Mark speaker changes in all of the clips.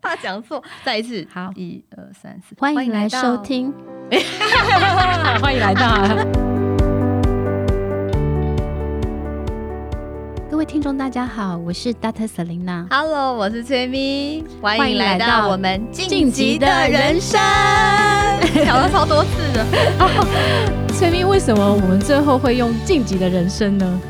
Speaker 1: 怕講錯，再一次好，一二三四，歡
Speaker 2: 迎來收聽，
Speaker 1: 歡迎來到。 來到啊、
Speaker 2: 各位聽眾，大家好，我是 Dr.Selena，Hello，我是崔咪，歡迎來到我們進擊的人生，講 了超多次的、 啊，崔咪，為什麼我們最後會用進擊的人生
Speaker 1: 呢？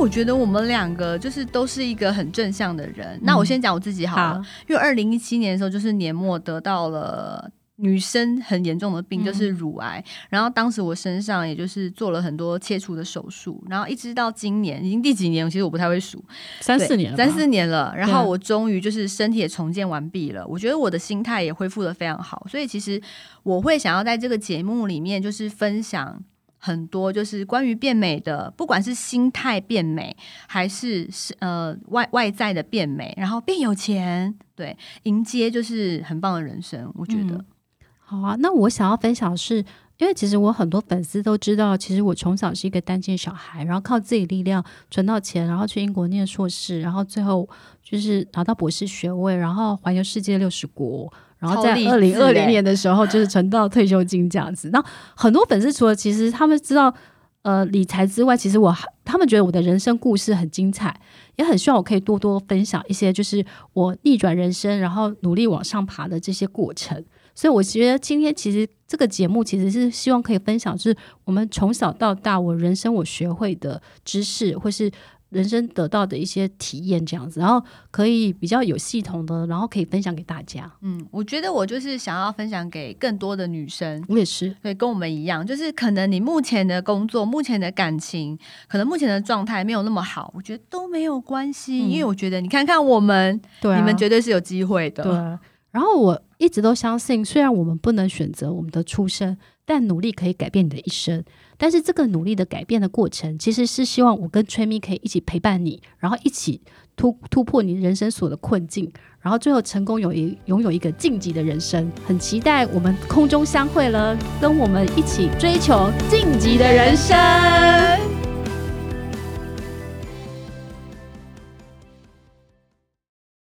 Speaker 1: 我覺得我們兩個就是都是一個很正向的人。嗯、那我先講我自己好了，好，因為二零一七年的時候，就是年末得到了女生很嚴重的病、嗯，就是乳癌。然後當時我身上也就是做了很多切除的手術，然後一直到今年，已經第幾年？其實我不太會數，三四年了，三四年了。然後我終於就是身體也重建完畢了，我覺得我的心態也恢復得非常好。所以其實我會想要在這個節目裡面，就是分享。很多就是關於變美的，不管是心態變美，還是是呃外外在的變美，然後變有錢，對，迎接就是
Speaker 2: 很棒的人生。我覺得、嗯、好啊。那我想要分享是因為其實我很多粉絲都知道，其實我從小是一個單親小孩，然後靠自己力量存到錢，然後去英國念碩士，然後最後。就是拿到博士學位，然後環遊世界六十國，然後在二零二零年的時候就是存到退休金這樣子。那、欸、很多粉絲除了其實他們知道呃理財之外，其實我還他們覺得我的人生故事很精彩，也很希望我可以多多分享一些就是我逆轉人生，然後努力往上爬的這些過程。所以我覺得今天其實這個節目其實是希望可以分享，就是我們從小到大我人生我學會的知識，或是。人生得到的一些體驗這樣子，然後可以比較有系統的，然後可以分享給大家。嗯，
Speaker 1: 我覺得我就是想要分享給更多的女生。我也是。對，跟我們一樣，就是可能你目前的工作、目前的感情，可能目前的狀態沒有那麼好，我覺得都沒有關係，嗯，因為我覺得你看看我們，
Speaker 2: 對啊。你們絕對是
Speaker 1: 有機會的。對啊。
Speaker 2: 然後我一直都相信，雖然我們不能選擇我們的出身，但努力可以改變你的一生。但是這個努力的改變的過程，其實是希望我跟崔咪可以一起陪伴你，然後一起突突破你人生所的困境，然後最後成功有一擁有一個進擊的人生。很期待我們空中相會了，跟我們一起追求進擊的人生。